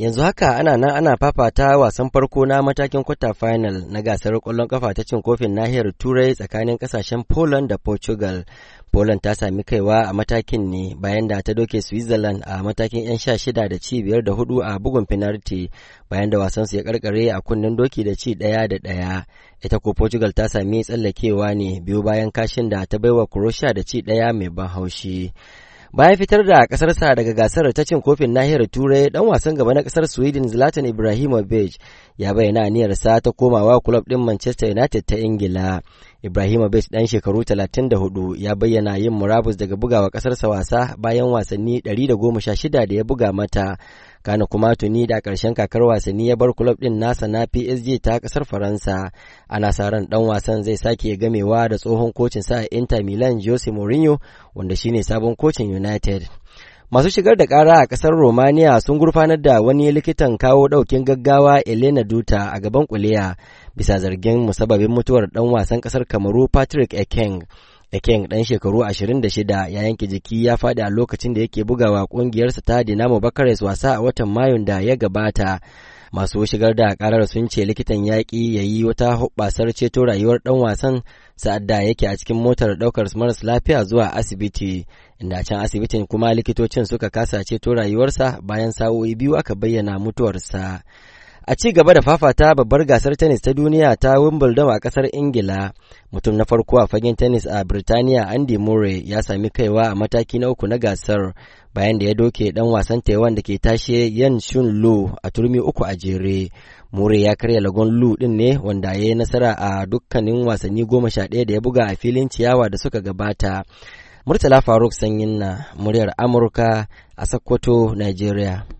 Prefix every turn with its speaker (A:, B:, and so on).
A: Yanzu haka ana nan ana fafata wasan farko na matakin kwata final na gasar kwallon kafa ta cin kofin nahiyar Turai tsakanin kasashen Poland da Portugal. Poland ta sami kaiwa a matakin ne bayan da ta doke Switzerland a matakin 'yan sha shida da ci biyar da hudu a bugun finarti bayan da wasan su ya karkare a kunnen doki da ci daya da daya Ita ko Portugal ta sami tsallakewa ne biyu bayan kashin da ta baiwa Croatia da ci daya mai ban haushi. bayan fitar da kasarsa daga gasar ta cin kofin nahiyar turai dan wasan gaba na kasar sweden zlatan ibrahimovic ya bayyana aniyarsa ta komawa kulob din manchester united ta ingila abes ɗan shekaru 34 ya bayyana yin murabus daga bugawa ƙasarsa wasa bayan wasanni 116 da ya buga mata. Kana kuma tuni da ƙarshen kakar wasanni ya bar kulob din nasa na PSG ta ƙasar Faransa. Ana sa ran ɗan wasan zai sake gamewa da tsohon kocin sa Inter Milan Jose Mourinho wanda shine sabon kocin United. Masu shigar da kara a kasar Romania sun gurfanar da wani likitan kawo ɗaukin gaggawa Elena Duta a gaban kuliya bisa zargin musababin mutuwar ɗan wasan ƙasar Kamaru Patrick Ekeng. Ekeng ɗan shekaru 26 ya yanke jiki ya faɗi a lokacin da yake bugawa ƙungiyarsa ta Dinamo bakares wasa a watan Mayun da ya gabata. masu shigar da karar sun ce likitan yaƙi ya yi wata hubbasar ceto rayuwar ɗan wasan sa'ad da yake a cikin motar ɗaukar maras lafiya zuwa asibiti inda can asibitin kuma likitocin suka kasa ceto rayuwarsa bayan sa'o'i biyu aka bayyana mutuwarsa A ci gaba da fafata babbar gasar tennis ta duniya ta Wimbledon a kasar Ingila, mutum na farko a fagen tennis a Birtaniya Andy Murray ya sami kaiwa a mataki na uku na gasar bayan da ya doke dan wasan Taiwan da ke tashe Yan Shun Lu a turmi uku a jere. Murray ya karya lagon Lu din ne wanda ya yi nasara a dukkanin wasanni goma sha ɗaya da ya buga a filin ciyawa da suka gabata. Murtala Faruk Sanyin na muryar Amurka a Sokoto, Nigeria.